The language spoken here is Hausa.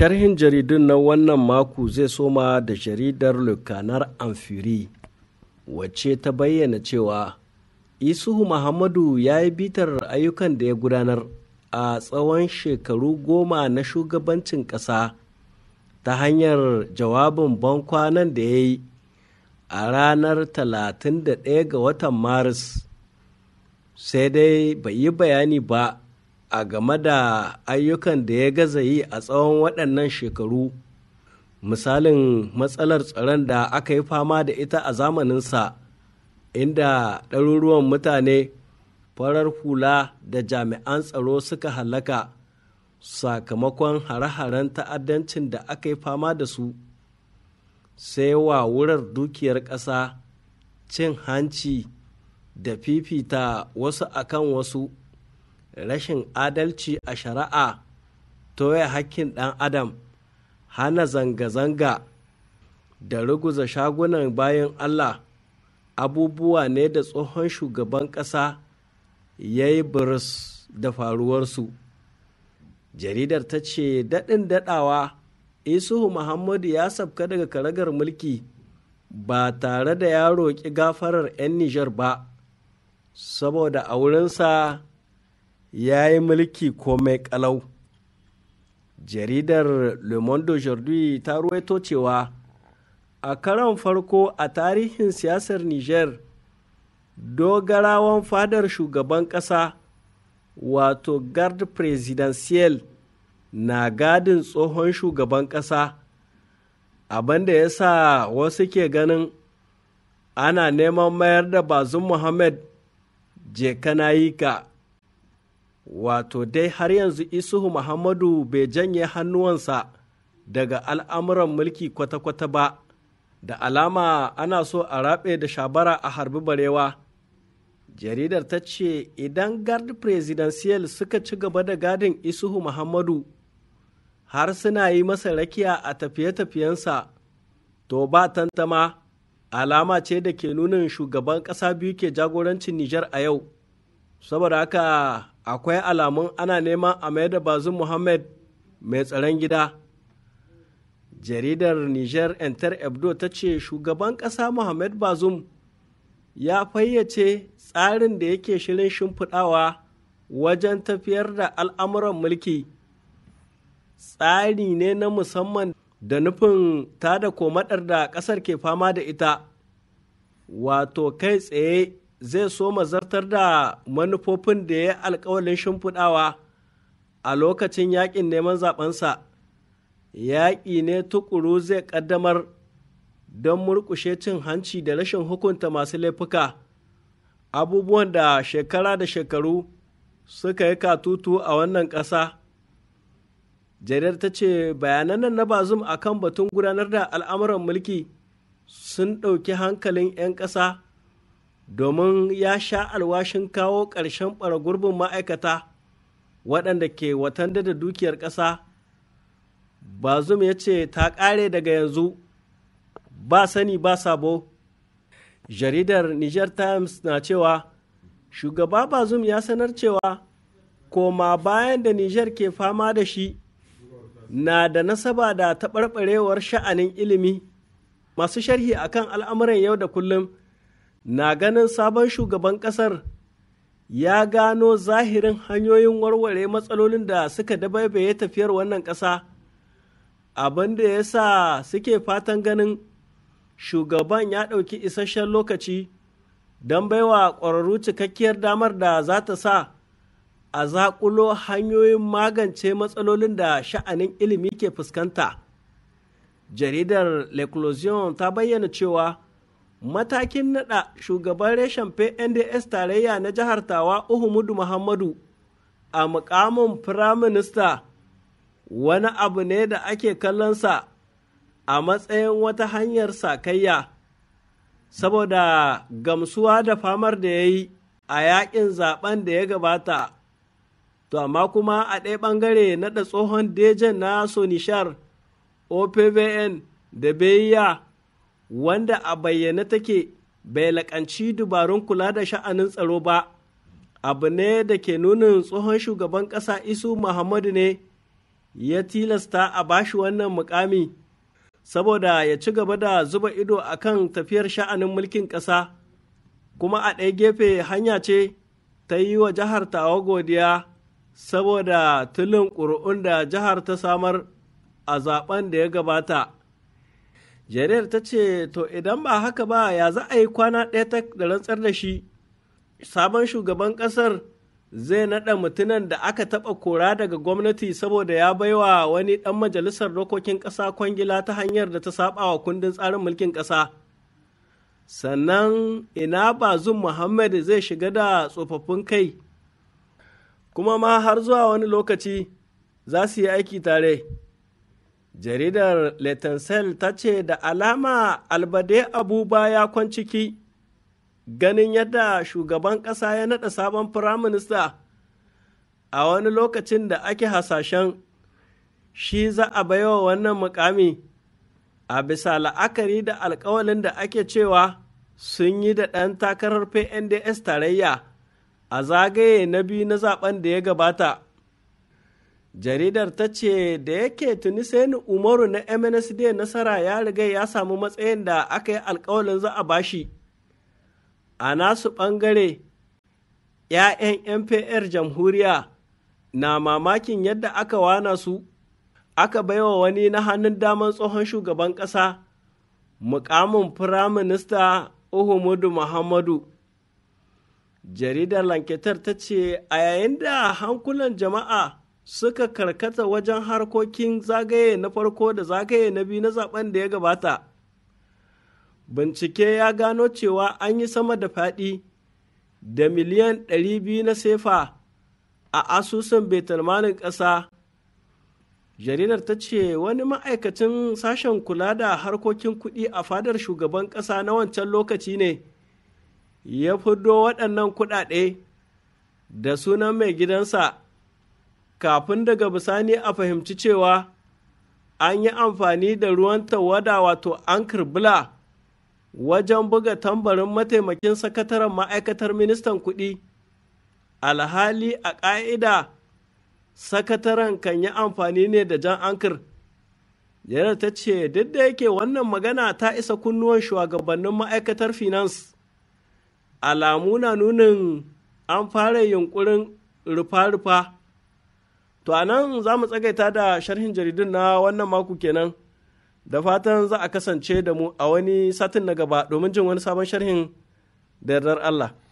Sharhin jaridun na wannan maku zai soma da jaridar Lukanar Amfiri, wacce ta bayyana cewa Isuhu Muhammadu ya yi bitar ayyukan da ya gudanar a tsawon shekaru goma na shugabancin ƙasa ta hanyar jawabin bankwanan da ya yi a ranar 31 ga watan Maris, sai dai bai yi bayani ba a game da ayyukan da ya gaza yi a tsawon waɗannan shekaru misalin matsalar tsaron da aka yi fama da ita a zamaninsa inda ɗaruruwan mutane farar hula da jami'an tsaro suka halaka sakamakon hare-haren ta'addancin da aka yi fama da su sai wa wurar dukiyar ƙasa cin hanci da fifita wasu akan wasu rashin adalci a shari'a toye hakkin ɗan adam hana zanga-zanga da ruguza shagunan bayan allah abubuwa ne da tsohon shugaban ƙasa ya yi burus da faruwarsu jaridar ta ce daɗin daɗawa isuhu muhammadu ya sabka daga karagar mulki ba tare da ya roƙi gafarar 'yan nijar ba saboda a wurinsa ya yi mulki komai kalau jaridar le monde aujourd'hui ta ruwaito cewa a karon farko a tarihin siyasar niger dogarawan fadar shugaban ƙasa wato garde presidential na gadin tsohon shugaban ƙasa abinda ya sa wasu ke ganin ana neman mayar da bazin muhammad je ka wato dai har yanzu isuhu muhammadu bai janye hannuwansa daga al'amuran mulki kwata-kwata ba da alama ana so a raɓe da shabara a harbi barewa jaridar ta ce idan guard presidential suka ci gaba da gadin isuhu muhammadu har suna yi masa rakiya a tafiye-tafiyensa to ba tantama alama ce da ke nunin shugaban ƙasa biyu ke jagorancin nijar a yau saboda haka akwai alamun ana neman a mayar da bazin muhammad mai tsaron gida jaridar niger enter ebdo ta ce shugaban ƙasa muhammad bazum ya fayyace tsarin da yake shirin shimfiɗawa wajen tafiyar da al'amuran mulki tsari ne na musamman da nufin ta da komadar da ƙasar ke fama da ita wato kai tsaye zai so mazartar da manufofin da ya alkawalin shimfiɗawa a lokacin yaƙin neman zaɓensa yaƙi ne tukuru zai ƙaddamar don murƙushe cin hanci da rashin hukunta masu laifuka abubuwan da shekara da shekaru suka yi katutu a wannan ƙasa jaridar ta ce bayanan na bazum akan batun gudanar da al'amuran mulki sun ɗauki hankalin 'yan ƙasa domin ya sha alwashin kawo ƙarshen ɓara gurbin ma'aikata waɗanda ke watan da dukiyar ƙasa Ba zum ya ce ta ƙare daga yanzu ba sani ba sabo jaridar niger times na cewa shugaba ba zum ya sanar cewa koma bayan da niger ke fama da shi na da nasaba da taɓarɓarewar sha'anin ilimi masu sharhi akan al'amuran yau da kullum na ganin sabon shugaban ƙasar ya gano zahirin hanyoyin warware matsalolin da suka dabaibaye tafiyar wannan ƙasa abin da ya sa suke fatan ganin shugaban ya ɗauki isasshen lokaci don baiwa ƙwararru cikakkiyar damar da za ta sa a zaƙulo hanyoyin magance matsalolin da sha'anin ilimi ke fuskanta jaridar l'eclosion ta bayyana cewa matakin nada shugaban reshen pnds tarayya na jihar tawa uhumudu muhammadu a mukamin firaminista wani abu ne da ake kallonsa a matsayin wata hanyar sakayya saboda gamsuwa da famar da ya yi a yakin zaben da ya gabata to amma kuma a ɗaya ɓangare naɗa tsohon dejen na sonishar opvn da bayya wanda a bayyane take bai laƙanci dubarun kula da sha'anin tsaro ba abu ne da ke nunin tsohon shugaban ƙasa isu muhammadu ne ya tilasta a bashi wannan mukami saboda ya ci gaba da zuba ido a kan tafiyar sha'anin mulkin ƙasa kuma a ɗaya gefe hanya ce ta yi wa jihar tawa godiya saboda tulin ƙuri'un da jihar ta samar a zaben da ya gabata jariyar ta ce to idan ba haka ba ya za a yi kwana ɗaya ta da rantsar da shi sabon shugaban ƙasar zai naɗa mutunan da aka taɓa kora daga gwamnati saboda ya baiwa wani ɗan majalisar dokokin ƙasa kwangila ta hanyar da ta saba wa kundin tsarin mulkin ƙasa sannan ina bazum muhammad zai shiga da tsofaffin kai kuma ma har zuwa wani lokaci za su yi aiki tare jaridar letensel ta ce da alama albade abuba ya kwanciki ganin yadda shugaban ƙasa ya naɗa sabon firaminista a wani lokacin da ake hasashen shi za a baiwa wannan mukami a bisa la'akari da alkawalin da ake cewa sun yi da ɗan takarar pnds tarayya a zagaye na biyu na zaben da ya gabata jaridar ta ce da yake tuni ni umaru na mnsd nasara ya riga ya samu matsayin da aka yi alkawalin za a bashi a nasu ɓangare 'ya'yan mpr jamhuriya na mamakin yadda aka wana su aka baiwa wani na hannun damar tsohon shugaban ƙasa mukamin firaminista uhumudu muhammadu jaridar lanketar ta ce a yayin da hankulan jama'a suka karkata wajen harkokin zagaye na farko da zagaye na biyu na zaben da ya gabata bincike ya gano cewa an yi sama da faɗi da miliyan 200 na sefa a asusun betalmanin ƙasa jaridar ta ce wani ma'aikacin sashen kula da harkokin kuɗi a fadar shugaban ƙasa na wancan lokaci ne ya fudo waɗannan kuɗaɗe da sunan mai gidansa kafin daga bisani a fahimci cewa an yi amfani da ruwan tawada wato an bula wajen buga tambarin mataimakin sakataren ma'aikatar ministan kuɗi alhali a ƙa'ida sakataren kan yi amfani ne da jan ankar yana ta ce duk da yake wannan magana ta isa kunnuwan shugabannin ma'aikatar finance alamu na nunin an fara yunkurin rufa-rufa To a nan za mu tsagaita da sharhin jaridun na wannan mako kenan. Da fatan za a kasance da mu a wani satin na gaba domin jin wani sabon sharhin da yardar Allah.